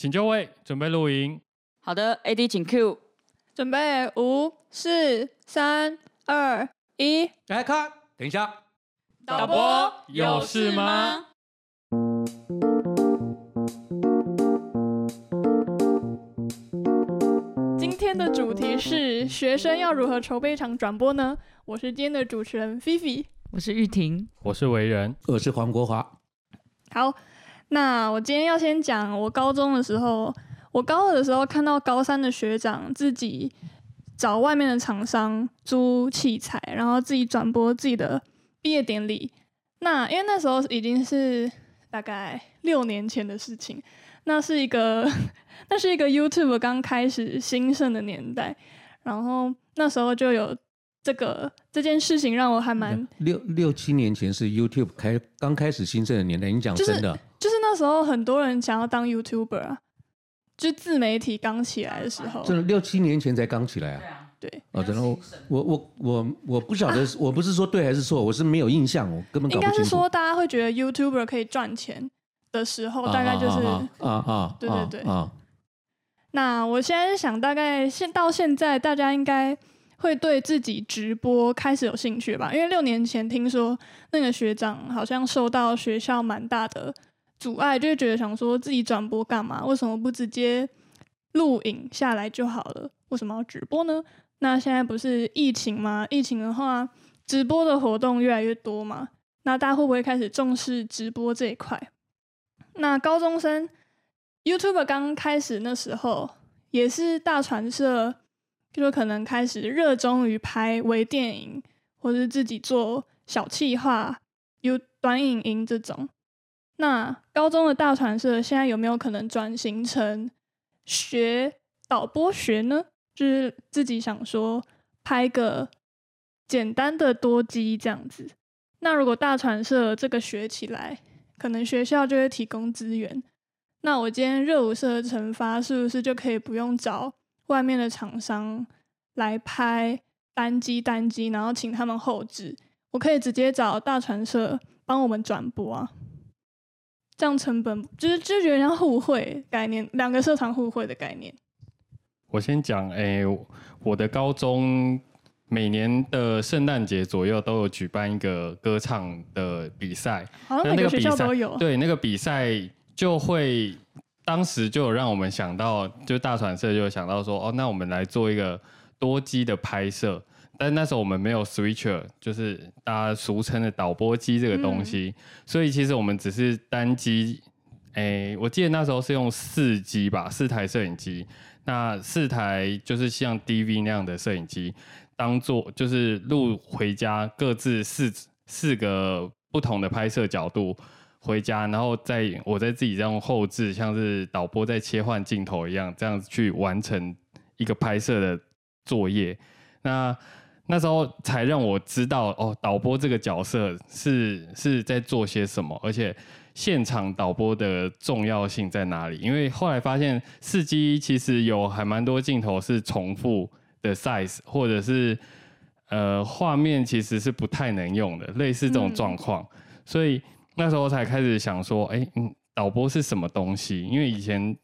請就位，準備錄影。好的，AD 請 Q，準備五、四、三、二、一，開看，等一下，導播有事嗎？今天的主題是學生要如何籌備一場轉播呢？我是今天的主持人菲菲，我是玉婷，我是唯仁，我是黃國華。好。那我今天要先講我高中的時候，我高二的時候看到高三的學長自己找外面的廠商租器材，然後自己轉播自己的畢業典禮。那因為那時候已經是大概六年前的事情，那是一個那是一個 YouTube 剛開始興盛的年代，然後那時候就有這個這件事情讓我還蠻。六六七年前是 YouTube 開剛開始興盛的年代，你講真的就是。就是那時候很多人想要當 YouTuber 啊，就自媒體剛起來的時候，真的六七年前才剛起來啊。對啊，對啊。然後，我我我我不曉得，我不是說對還是錯，我是沒有印象，我根本搞不清楚。應該是說大家會覺得 YouTuber 可以賺錢的時候，大概就是啊啊，對對對啊。那我現在想，大概現到現在，大家應該會對自己直播開始有興趣吧？因為六年前聽說那個學長好像受到學校蠻大的。阻礙就是覺得想說自己轉播幹嘛？為什麼不直接錄影下來就好了？為什麼要直播呢？那現在不是疫情嗎？疫情的話，直播的活動越來越多嘛？那大家會不會開始重視直播這一塊？那高中生 YouTube 剛剛開始那時候，也是大傳社，就說可能開始熱衷於拍微電影，或是自己做小企劃、有短影音這種。那高中的大傳社現在有沒有可能轉型成學導播學呢？就是自己想說拍個簡單的多機這樣子。那如果大傳社這個學起來，可能學校就會提供資源。那我今天熱舞社的成發是不是就可以不用找外面的廠商來拍單機單機，然後請他們後置？我可以直接找大傳社幫我們轉播啊。這樣成本就是就覺得像互惠概念，兩個社團互惠的概念。我先講，哎、欸，我的高中每年的聖誕節左右都有舉辦一個歌唱的比賽，好像每個學校都有。對，那個比賽就會，當時就有讓我們想到，就大傳社就有想到說，哦，那我們來做一個多機的拍攝。但那時候我們沒有 switcher，就是大家俗稱的導播機這個東西，嗯、所以其實我們只是單機，誒、欸，我記得那時候是用四機吧，四台攝影機，那四台就是像 DV 那樣的攝影機，當做就是錄回家，各自四四個不同的拍攝角度回家，然後再我再自己再用後置，像是導播在切換鏡頭一樣，這樣子去完成一個拍攝的作業，那。那時候才讓我知道哦，導播這個角色是是在做些什麼，而且現場導播的重要性在哪裡？因為後來發現四機其實有還蠻多鏡頭是重複的 size，或者是呃，畫面其實是不太能用的，類似這種狀況。嗯，所以那時候才開始想說，哎、欸，嗯，導播是什麼東西？因為以前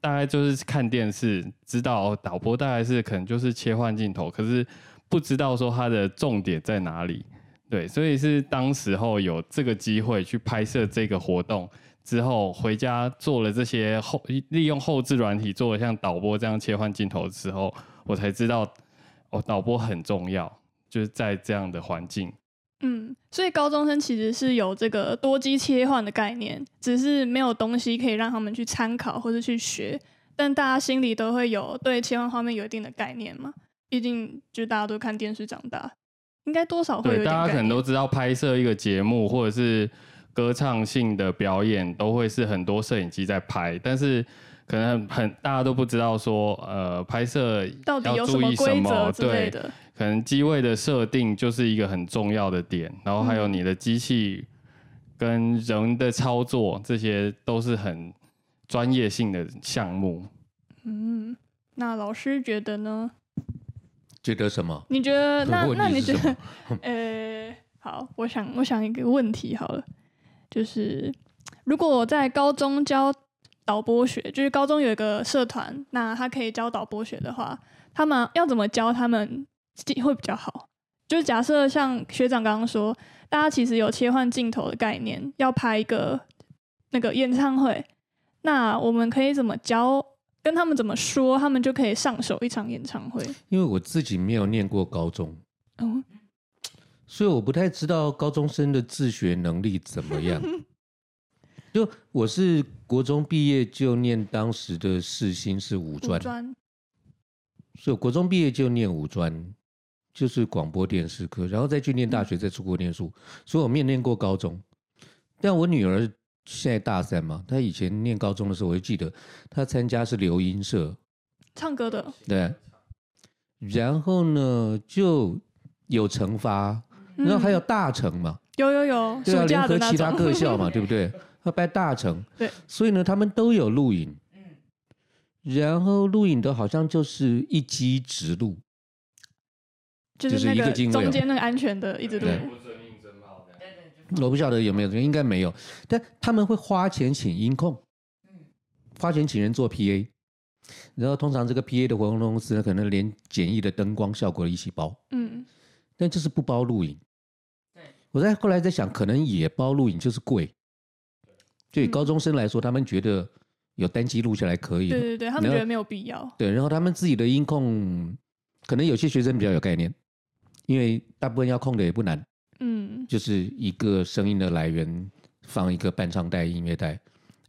大概就是看電視，知道，哦，導播大概是可能就是切換鏡頭，可是。不知道說它的重點在哪裡？對，所以是當時候有這個機會去拍攝這個活動之後，回家做了這些後，利用後製軟體做了像導播這樣切換鏡頭的時候，我才知道哦，導播很重要，就是在這樣的環境。嗯，所以高中生其實是有這個多機切換的概念，只是沒有東西可以讓他們去參考或是去學，但大家心裡都會有對切換畫面有一定的概念嘛。畢竟，就大家都看電視長大，應該多少會。對，大家可能都知道，拍攝一個節目或者是歌唱性的表演，都會是很多攝影機在拍。但是，可能很大家都不知道說，呃，拍攝到底要注意什麼,之類的對的。可能機位的設定就是一個很重要的點，然後還有你的機器跟人的操作，嗯、這些都是很專業性的項目。嗯，那老師覺得呢？覺得什麼？你覺得那那你覺得呃，好，我想我想一個問題好了，就是如果我在高中教導播學，就是高中有一個社團，那他可以教導播學的話，他們要怎麼教他們會比較好？就是假設像學長剛剛說，大家其實有切換鏡頭的概念，要拍一個那個演唱會，那我們可以怎麼教？跟他們怎麼說，他們就可以上手一場演唱會。因為我自己沒有念過高中，哦，oh. 所以我不太知道高中生的自學能力怎麼樣。 就我是國中畢業就念當時的世新是五專，五專，所以我國中畢業就念五專，就是廣播電視科，然後再去念大學，再出國念書，嗯、所以我沒有念過高中。但我女兒。現在大三嘛，他以前念高中的時候，我就記得他參加是留音社，唱歌的。對，然後呢，就有成發、嗯、然後還有大成嘛，有有有，對，要聯合其他各校嘛，有有有，對不對？他拜大成，對，所以呢，他們都有錄影，然後錄影的好像就是一機直錄，就是一個中間那個安全的一直錄。對我不曉得有沒有，應該沒有，但他們會花錢請音控，嗯，花錢請人做 PA，然後通常這個 PA 的活動公司呢，可能連簡易的燈光效果一起包，嗯，但就是不包錄影。對，我在後來在想，可能也包錄影就是貴，對，對，高中生來說，嗯、他們覺得有單機錄下來可以，對對對，他們覺得沒有必要，對，然後他們自己的音控，可能有些學生比較有概念，嗯、因為大部分要控的也不難。嗯，就是一個聲音的來源，放一個伴唱帶、音樂帶，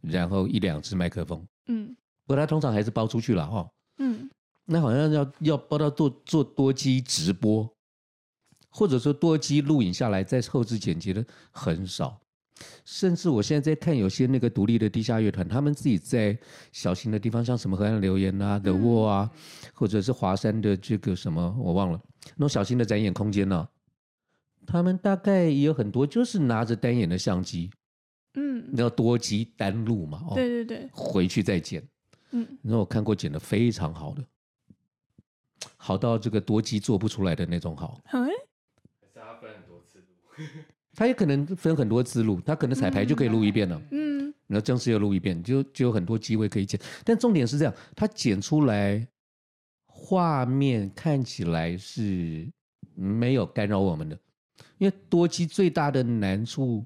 然後一兩支麥克風。嗯，不過它通常還是包出去了哈。哦、嗯，那好像要要包到做做多機直播，或者說多機錄影下來再後置剪輯的很少，甚至我現在在看有些那個獨立的地下樂團，他們自己在小型的地方，像什麼河岸留言啊、The、嗯、Wall 啊，或者是華山的這個什麼我忘了，那種小型的展演空間呢、啊。他們大概也有很多，就是拿着單眼的相機，嗯，然後多機單錄嘛，哦，對對對，回去再剪，嗯，那我看過剪得非常好的，好到這個多機做不出來的那種好，好誒，他分很多次錄， 他也可能分很多次錄，他可能彩排就可以錄一遍了，嗯，然後正式又錄一遍，就就有很多機位可以剪。但重點是這樣，他剪出來畫面看起來是沒有干擾我們的。因為多機最大的難處，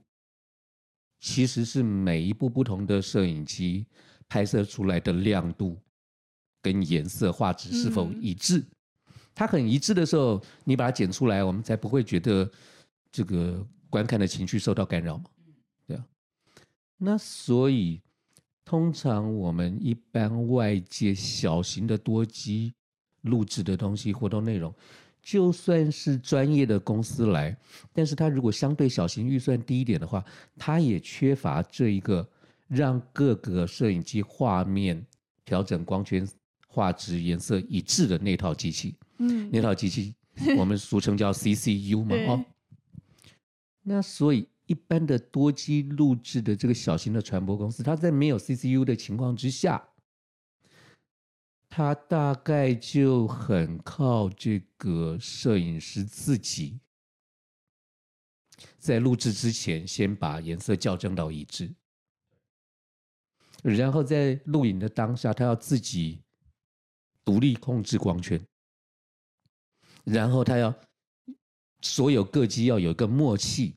其實是每一部不同的攝影機拍攝出來的亮度跟顏色畫質是否一致。嗯、它很一致的時候，你把它剪出來，我們才不會覺得這個觀看的情緒受到干擾嘛。對啊。那所以，通常我們一般外界小型的多機錄制的東西，活動內容。就算是專業的公司來，但是他如果相對小型預算低一點的話，他也缺乏這一個讓各個攝影機畫面調整光圈畫質顏色一致的那套機器。嗯，那套機器我們俗稱叫 CCU 嘛， 哦。那所以一般的多機錄制的這個小型的傳播公司，他在沒有 CCU 的情況之下。他大概就很靠這個攝影師自己，在錄製之前先把顏色校正到一致，然後在錄影的當下，他要自己獨立控制光圈，然後他要所有各機要有一個默契，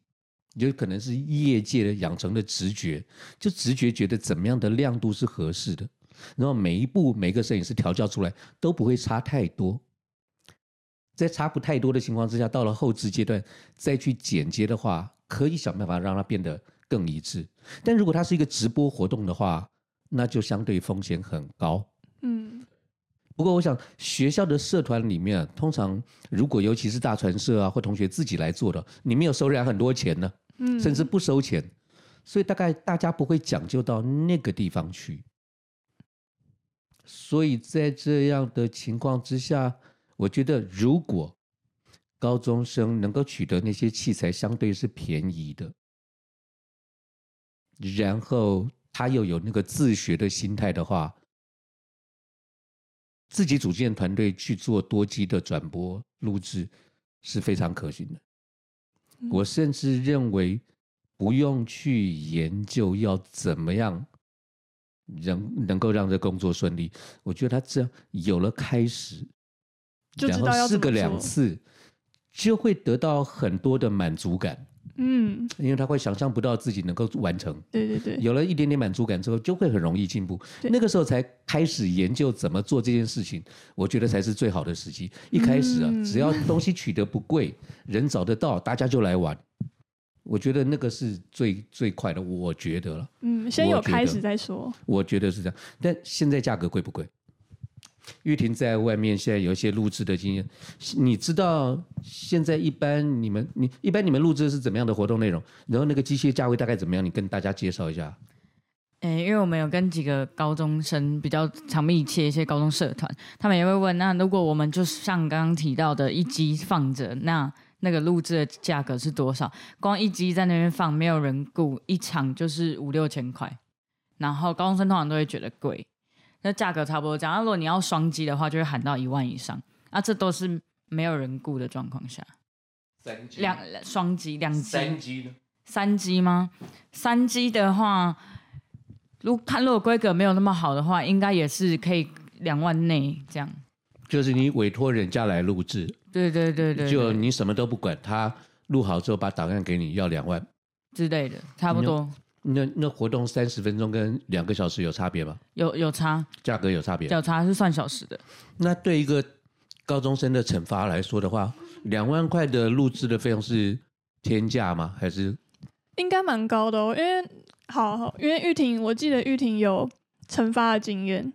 有可能是業界的養成的直覺，就直覺覺得怎麼樣的亮度是合適的。然後每一步每一個攝影師調教出來都不會差太多，在差不太多的情況之下，到了後製階段再去剪接的話，可以想辦法讓它變得更一致。但如果它是一個直播活動的話，那就相對風險很高。嗯，不過我想學校的社團裡面，啊，通常如果尤其是大傳社啊或同學自己來做的，你沒有收人家很多錢呢，嗯，甚至不收錢，所以大概大家不會講究到那個地方去。所以在這樣的情況之下，我覺得如果高中生能夠取得那些器材，相對是便宜的，然後他又有那個自學的心態的話，自己組建團隊去做多機的轉播錄製是非常可行的。我甚至認為不用去研究要怎麼樣。能能夠讓這工作順利，我覺得他這樣有了開始，就然後試個兩次，就會得到很多的滿足感。嗯，因為他會想象不到自己能夠完成。對對對，有了一點點滿足感之後，就會很容易進步。對那個時候才開始研究怎麼做這件事情，我覺得才是最好的時機。嗯，一開始啊，只要東西取得不貴，人找得到，大家就來玩。我覺得那個是最最快的，我覺得了。嗯，先有開始再說我。我覺得是這樣，但現在價格貴不貴？玉婷在外面現在有一些錄製的經驗，你知道現在一般你們你一般你們錄製是怎麼樣的活動內容？然後那個機械價位大概怎麼樣？你跟大家介紹一下。誒，因為我們有跟幾個高中生比較長密切一些高中社團，他們也會問：那如果我們就是像剛剛提到的一機放着那？那個錄製的價格是多少？光一機在那邊放，沒有人雇，一場就是五六千塊。然後高中生通常都會覺得貴，那價格差不多這樣。那、啊、如果你要雙機的話，就會喊到一萬以上。那、啊、這都是沒有人雇的狀況下，三千兩雙機兩機，三機三機嗎？三機的話，如果看如果規格沒有那麼好的話，應該也是可以兩萬內這樣。就是你委託人家來錄製。對對對對，就你什麼都不管，他錄好之後把檔案給你要，要兩萬之類的，差不多。那那活動三十分鐘跟兩個小時有差別嗎？有有差，價格有差別。較差是算小時的。那對一個高中生的成發來說的話，兩萬塊的錄制的費用是天價嗎？還是應該蠻高的哦，因為好好，因為玉婷，我記得玉婷有成發的經驗。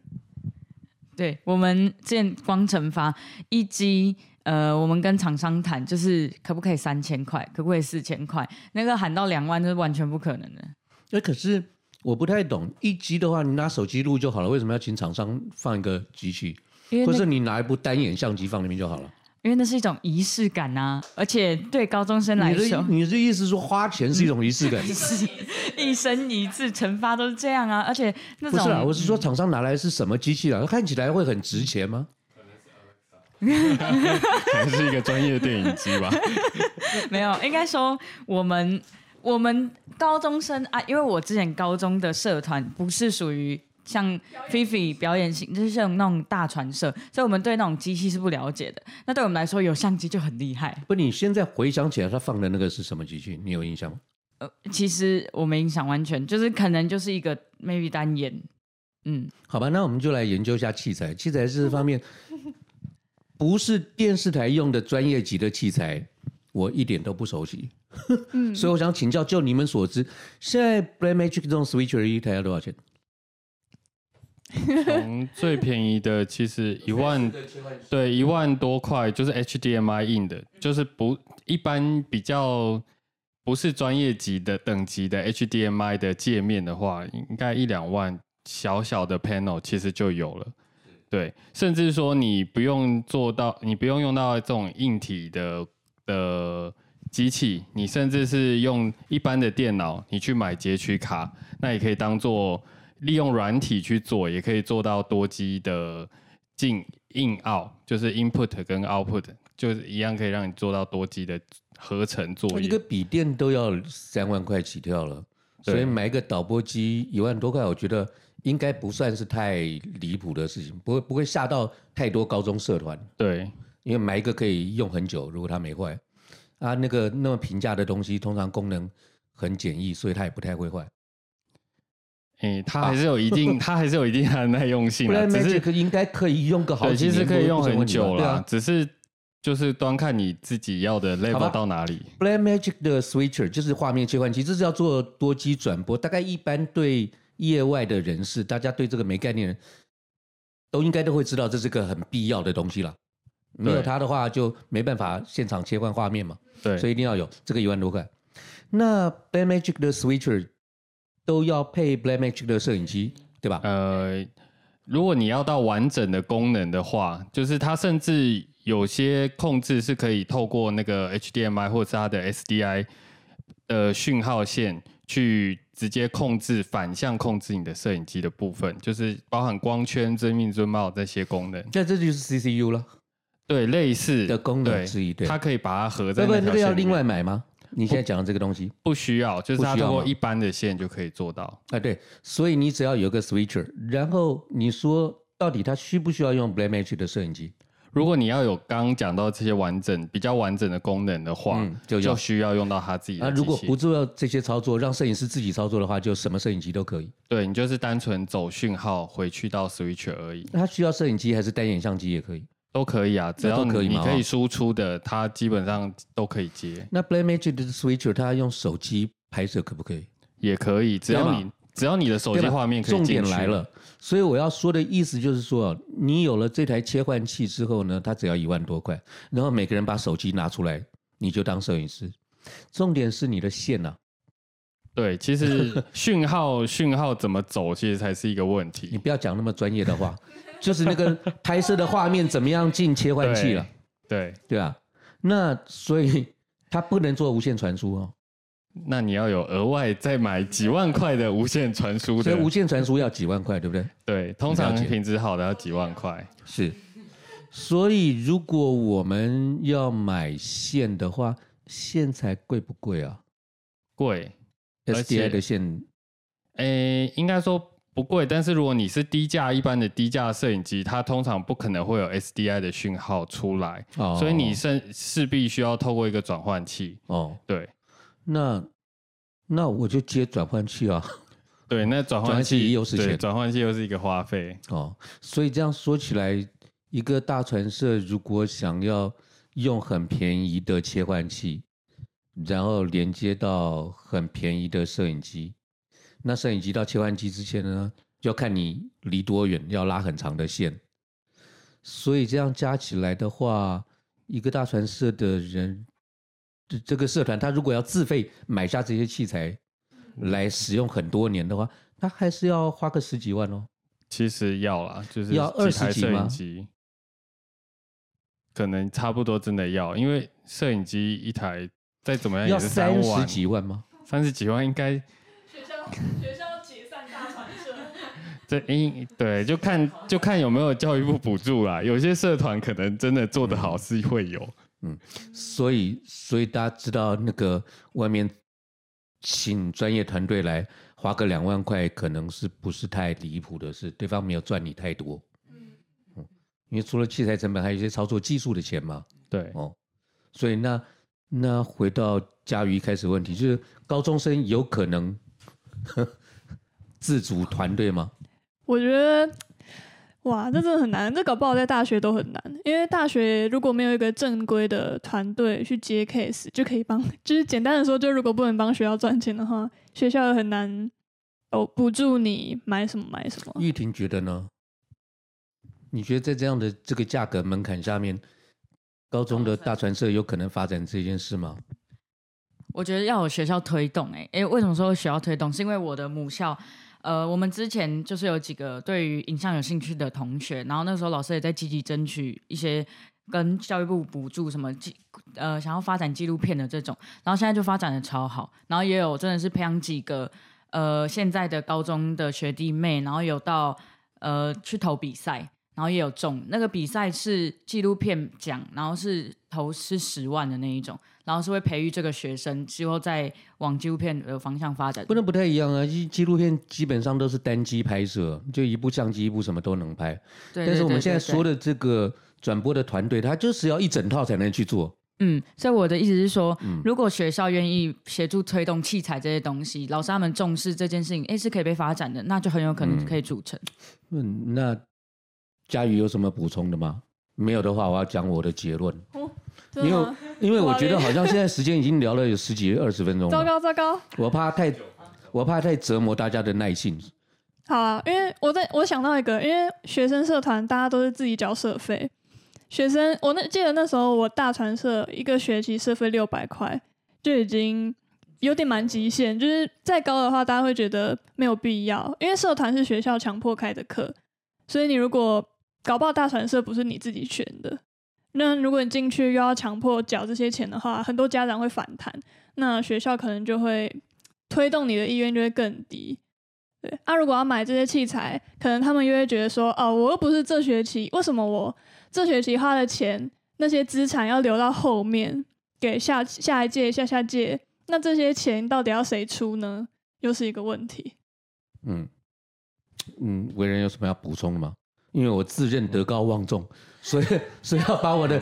對我們之光成發一集。呃，我們跟廠商談，就是可不可以三千塊，可不可以四千塊？那個喊到兩萬，那是完全不可能的。那可是我不太懂，一機的話，你拿手機錄就好了，為什麼要請廠商放一個機器？那個、或者你拿一部單眼相機放裡面就好了。因為那是一種儀式感啊，而且對高中生來說，你的,你的意思是說花錢是一種儀式感？ 一生一次，成發都是這樣啊。而且那種不是啦，我是說廠商拿來是什麼機器啊？它看起來會很值錢嗎？可能 是一個專業的電影機吧。 沒有，應該說我們我們高中生啊，因為我之前高中的社團不是屬於像 Fifi 表演型，就是像那種大傳社，所以我們對那種機器是不了解的。那對我們來說，有相機就很厲害。不，你現在回想起來，他放的那個是什麼機器？你有印象嗎？呃，其實我沒印象，完全就是可能就是一個 maybe 單眼。嗯，好吧，那我們就來研究一下器材。器材這方面。 不是電視台用的專業級的器材，我一點都不熟悉， 嗯、所以我想請教，就你們所知，現在 Blackmagic 這種 Switcher 一台要多少錢？最便宜的其實一萬， 對, 對一萬多塊，就是 HDMI in 的，就是不一般比較不是專業級的等級的 HDMI 的界面的話，應該一兩萬小小的 Panel 其實就有了。對，甚至說你不用做到，你不用用到這種硬體的的機器，你甚至是用一般的電腦，你去買截取卡，那也可以當做利用軟體去做，也可以做到多機的進 in out，就是 input 跟 output，就是一樣可以讓你做到多機的合成作業。一個筆電都要三萬塊起跳了，所以買一個導播機一萬多塊，我覺得。應該不算是太離譜的事情，不會不會嚇到太多高中社團。對，因為買一個可以用很久，如果它沒壞，啊，那個那麼平價的東西，通常功能很簡易，所以它也不太會壞。哎、欸，它還是有一定，它、啊、還是有一定， 有一定的耐用性的。Black Magic 是應該可以用個好幾年，其實可以用很久了，啊、只是就是端看你自己要的 label 到哪裡。吧 Black Magic 的 Switcher 就是畫面切換器，這是要做多機轉播，大概一般對。業外的人士，大家對這個沒概念的，都應該都會知道這是個很必要的東西啦。沒有它的話，就沒辦法現場切換畫面嘛。對，所以一定要有這個一萬多塊。那 Blackmagic 的 Switcher 都要配 Blackmagic 的攝影機，對吧？呃，如果你要到完整的功能的話，就是它甚至有些控制是可以透過那個 HDMI 或者是它的 SDI 的訊號線去。直接控制，反向控制你的攝影機的部分，就是包含光圈、真命、真貌這些功能。那這就是 CCU 了，對，類似的功能之一。對，它可以把它合在那裡。那不，不那個要另外買嗎？你現在講的這個東西不，不需要，就是它通過一般的線就可以做到。啊對，所以你只要有個 switcher，然後你說到底它需不需要用 Blackmagic 的攝影機？如果你要有剛，剛講到這些完整比較完整的功能的話，嗯、就，就需要用到它自己的機。那如果不做這些操作，讓攝影師自己操作的話，就什麼攝影機都可以。對，你就是單純走訊號回去到 switcher 而已。那它需要攝影機還是單眼相機也可以？都可以啊，只要你可以輸出的，它基本上都可以接。那 Blackmagic 的 switcher 他用手機拍攝可不可以？也可以，只要你。要只要你的手機畫面可以進去，對吧，重點來了，所以我要說的意思就是說，你有了這台切換器之後呢，它只要一萬多塊，然後每個人把手機拿出來，你就當攝影師。重點是你的線啊，對，其實訊號 訊號怎麼走，其實才是一個問題。你不要講那麼專業的話，就是那個拍攝的畫面怎麼樣進切換器了？對對,對啊，那所以它不能做無線傳輸哦。那你要有額外再買幾萬塊的無線傳輸，所以無線傳輸要幾萬塊，對不對？ 對，通常品質好的要幾萬塊。是，所以如果我們要買線的話，線材貴不貴啊？貴。SDI 的線，誒，應該說不貴，但是如果你是低價一般的低價攝影機，它通常不可能會有 SDI 的訊號出來，哦，所以你是勢必需要透過一個轉換器。哦，對。那那我就接轉換器啊，對，那轉換器,轉換器又是錢。對，轉換器又是一個花費哦，所以這樣說起來，一個大傳社如果想要用很便宜的切換器，然後連接到很便宜的攝影機，那攝影機到切換機之前呢，要看你離多遠，要拉很長的線，所以這樣加起來的話，一個大傳社的人。這這個社團，他如果要自費買下這些器材來使用很多年的話，他還是要花個十幾萬哦。其實要啦，就是要二十台攝影機，可能差不多真的要，因為攝影機一台再怎麼樣也是三十幾萬嗎？三十幾萬應該。學校學校解散大傳社。 對，因對就看就看有沒有教育部補助啦，有些社團可能真的做得好是會有。嗯，所以所以大家知道那個外面請專業團隊來花個兩萬塊，可能是不是太離譜的事？對方沒有賺你太多，嗯，因為除了器材成本，還有一些操作技術的錢嘛。對哦，所以那那回到嘉瑜一開始問題，就是高中生有可能自主團隊嗎？我覺得。哇，這真的很難，這搞不好在大學都很難。因為大學如果沒有一個正規的團隊去接 case，就可以幫，就是簡單的說，就如果不能幫學校賺錢的話，學校也很難，哦，補助你買什麼買什麼。玉婷覺得呢？你覺得在這樣的這個價格門檻下面，高中的大傳社有可能發展這件事嗎？我覺得要有學校推動、欸。哎哎，為什麼說學校推動？是因為我的母校。呃，我們之前就是有幾個對於影像有興趣的同學，然後那時候老師也在積極爭取一些跟教育部補助什麼記，呃，想要發展紀錄片的這種，然後現在就發展的超好，然後也有真的是培養幾個，呃，現在的高中的學弟妹，然後有到呃去投比賽。然後也有中那個比賽是紀錄片獎，然後是投資十萬的那一種，然後是會培育這個學生之後再往紀錄片的方向發展。不能不太一樣啊！紀錄片基本上都是單機拍攝，就一部相機一部什麼都能拍。對，但是我們現在說的這個轉播的團隊，它就是要一整套才能去做。嗯，所以我的意思是說，嗯、如果學校願意協助推動器材這些東西，老師他們重視這件事情，哎，是可以被發展的，那就很有可能可以組成。嗯，嗯，那。嘉瑜，有什麼補充的嗎？沒有的話，我要講我的結論。因為、哦、因為我覺得好像現在時間已經聊了有十幾二十分鐘，糟糕糟糕！我怕太我怕太折磨大家的耐性。好啊，因為我在我想到一個，因為學生社團大家都是自己繳社費，學生我那記得那時候我大傳社一個學期社費六百塊就已經有點蠻極限，就是再高的話大家會覺得沒有必要，因為社團是學校強迫開的課，所以你如果搞不好大傳社不是你自己選的，那如果你進去又要強迫繳這些錢的話，很多家長會反彈，那學校可能就會推動你的意願就會更低。對，啊，如果要買這些器材，可能他們又會覺得說，哦，我又不是這學期，為什麼我這學期花的錢那些資產要留到後面給下下一屆、下下屆？那這些錢到底要誰出呢？又是一個問題。嗯嗯，唯仁有什麼要補充的嗎？因為我自認德高望重，嗯、所以所以要把我的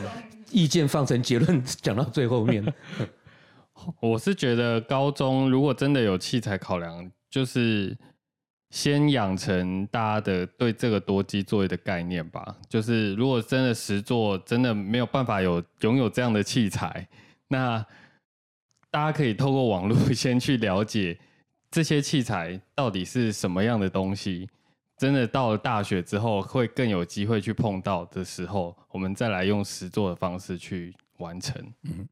意見放成結論講到最後面。 我是覺得高中如果真的有器材考量，就是先養成大家的對這個多機作業的概念吧。就是如果真的實作真的沒有辦法有擁有這樣的器材，那大家可以透過網絡先去了解這些器材到底是什麼樣的東西。真的到了大學之後，會更有機會去碰到的時候，我們再來用實作的方式去完成。嗯，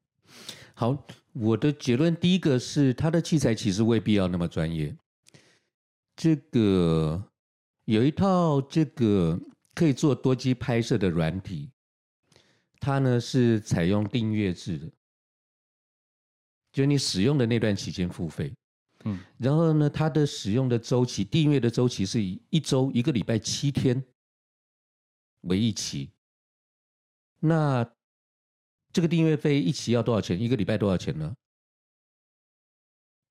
好，我的結論第一個是，他的器材其實未必要那麼專業。這個有一套這個可以做多機拍攝的軟體，它呢是採用訂閱制的，就你使用的那段期間付費。嗯，然後呢，它的使用的週期，訂閱的週期是以一周一個禮拜七天為一期。那這個訂閱費一期要多少錢？一個禮拜多少錢呢？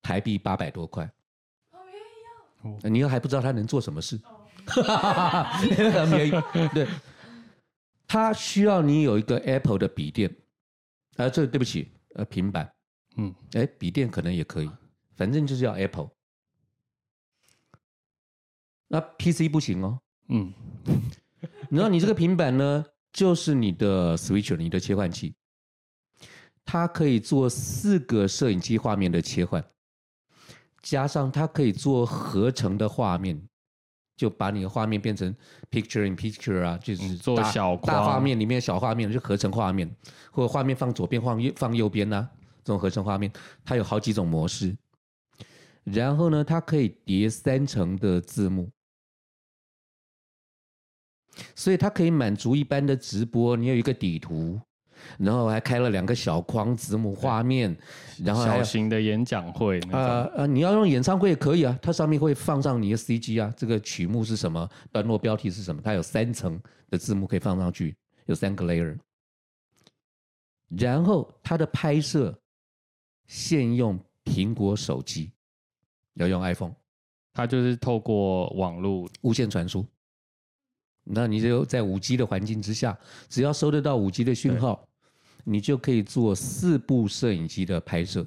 台幣八百多塊。哦，oh, really? oh. 你又還不知道它能做什麼事。哈哈哈哈哈，沒對，它需要你有一個 Apple 的筆電，啊、呃，這對不起，呃，平板，嗯，哎，筆電可能也可以。Oh. 反正就是要 Apple，那 PC 不行哦。嗯，然後你,你這個平板呢，就是你的 Switcher，你的切換器，它可以做四個攝影機畫面的切換，加上它可以做合成的畫面，就把你的畫面變成 picture in picture 啊，就是做小大畫面裡面小畫面，就合成畫面，或者畫面放左邊，放右放右邊啊，這種合成畫面，它有好幾種模式。然後呢，它可以疊三層的字幕，所以它可以滿足一般的直播。你有一個底圖，然後還開了兩個小框子母畫面，對然後小型的演講會啊啊、那個呃呃，你要用演唱會也可以啊。它上面會放上你的 CG 啊，這個曲目是什麼，段落標題是什麼，它有三層的字幕可以放上去，有三個 layer。然後它的拍攝現用蘋果手機。要用 iPhone，它就是透過網絡無線傳輸。那你就在五 G 的環境之下，只要收得到五 G 的訊號，對你就可以做四部攝影機的拍攝。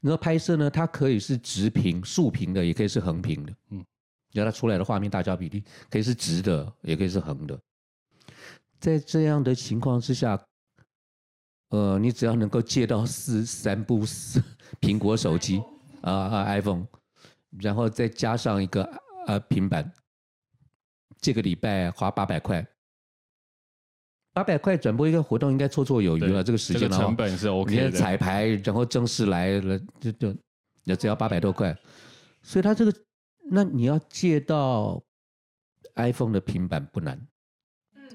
那拍攝呢，它可以是直屏、豎屏的，也可以是橫屏的。嗯，那它出來的畫面大小比例可以是直的，也可以是橫的。在這樣的情況之下，呃，你只要能夠借到四三部四蘋果手機。 啊啊、uh, uh,，iPhone，然後再加上一個啊、uh, 平板，這個禮拜花八百塊，八百塊轉播一個活動應該綽綽有餘了。對這個時間的話，這個成本是 OK 的。你的彩排，對然後正式來了，就就也只要八百多塊。所以他這個，那你要借到 iPhone 的平板不難，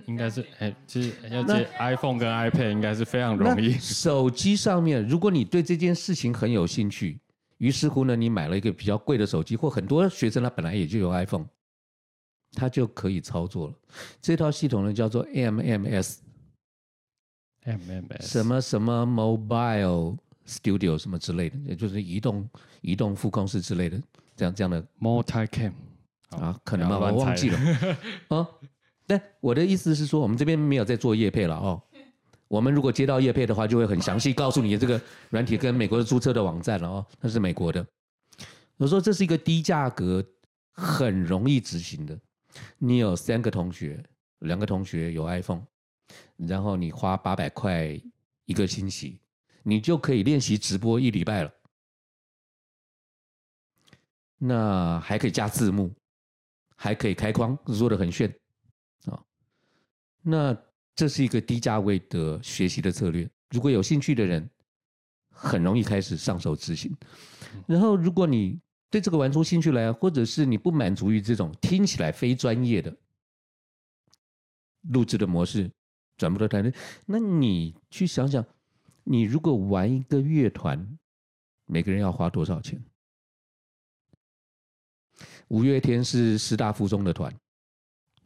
應該是，哎、欸，其實要借 iPhone 跟 iPad 應該是非常容易。 手機上面，如果你對這件事情很有興趣。於是乎呢，你買了一個比較貴的手機，或很多學生他本來也就有 iPhone，他就可以操作了。這套系統呢叫做 MMS，MMS 什麼什麼 Mobile Studio 什麼之類的，也就是移動移動副控室之類的，這樣這樣的 MultiCam 啊，好可能吧，我忘記了哦、 啊，但我的意思是說，我們這邊沒有在做業配了哦。我們如果接到業配的話，就會很詳細告訴你這個軟體跟美國的註冊的網站了哦，那是美國的。我說這是一個低價格，很容易執行的。你有三個同學，兩個同學有 iPhone，然後你花八百塊一個星期，你就可以練習直播一禮拜了。那還可以加字幕，還可以開框，做得很炫啊，哦。那。這是一個低價位的學習的策略，如果有興趣的人，很容易開始上手執行。然後，如果你對這個玩出興趣來，或者是你不滿足於這種聽起來非專業的錄製的模式，轉播的團隊，那你去想想，你如果玩一個樂團，每個人要花多少錢？五月天是師大附中的團，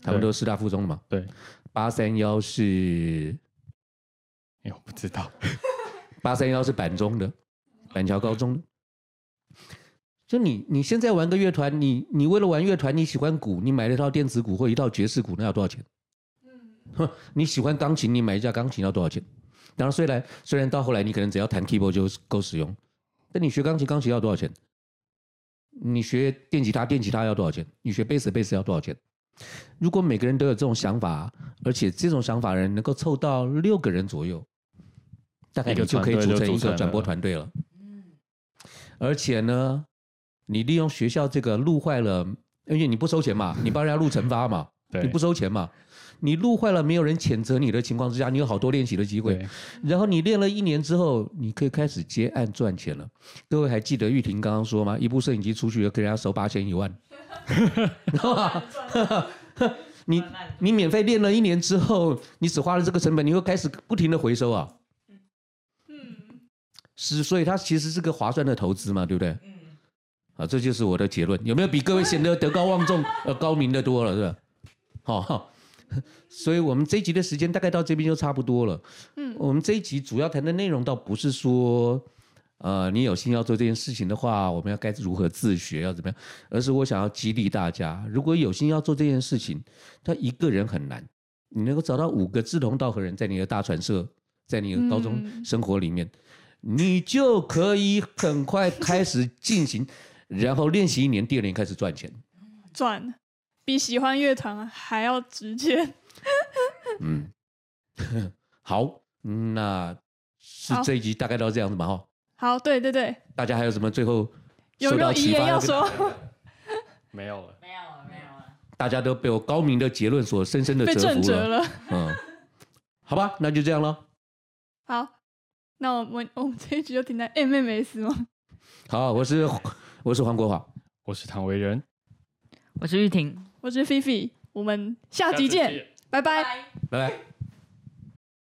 他們都是師大附中的嘛？對。對。八三幺是，哎，我不知道。八三幺是板中的，板橋高中的。就你，你現在玩個樂團，你你為了玩樂團，你喜歡鼓，你買了一套電子鼓或一套爵士鼓，那要多少錢？哼，你喜歡鋼琴，你買一架鋼琴要多少錢？當然，雖然雖然到後來你可能只要彈 keyboard 就夠使用，但你學鋼琴，鋼琴要多少錢？你學電吉他，電吉他要多少錢？你學貝斯，貝斯要多少錢？如果每個人都有這種想法，而且這種想法的人能夠湊到六個人左右，大概就就可以組成一個轉播團隊了。嗯，而且呢，你利用學校這個錄壞了，因為你不收錢嘛，你幫人家錄成發嘛，你不收錢嘛，你錄壞了沒有人譴責你的情況之下，你有好多練習的機會。然後你練了一年之後，你可以開始接案賺錢了。各位還記得玉婷剛剛說嗎？一部攝影機出去要給人家收八千一萬。知道吧？你你免費練了一年之後，你只花了這個成本，你會開始不停的回收啊。嗯嗯，是，所以它其實是個划算的投資嘛，對不對？嗯。啊，這就是我的結論。有沒有比各位顯得德高望重而高明的多了，是吧？好，所以我們這一集的時間大概到這邊就差不多了。嗯，我們這一集主要談的內容，倒不是說。呃，你有心要做這件事情的話，我們要該如何自學，要怎麼樣？而是我想要激勵大家，如果有心要做這件事情，他一個人很難，你能夠找到五個志同道合人在你的大傳社，在你的高中生活裡面，嗯、你就可以很快開始進行，是然後練習一年，第二年開始賺錢，賺比喜歡樂團還要直接。 嗯， 好，那是這一集大概到這樣子吧，哈好。哦好，對對對，大家還有什麼最後受到啟發，有沒有遺言要說？ 沒有了，沒有了，沒有了。大家都被我高明的結論所深深的折服了。折了，嗯，好吧，那就這樣了。好，那我們我們這一局就停在 MMS 嗎？好，我是我是黃國華，我是唐唯仁，我是玉婷，我是 Fifi。我們下集見，拜拜，拜拜 bye。Bye bye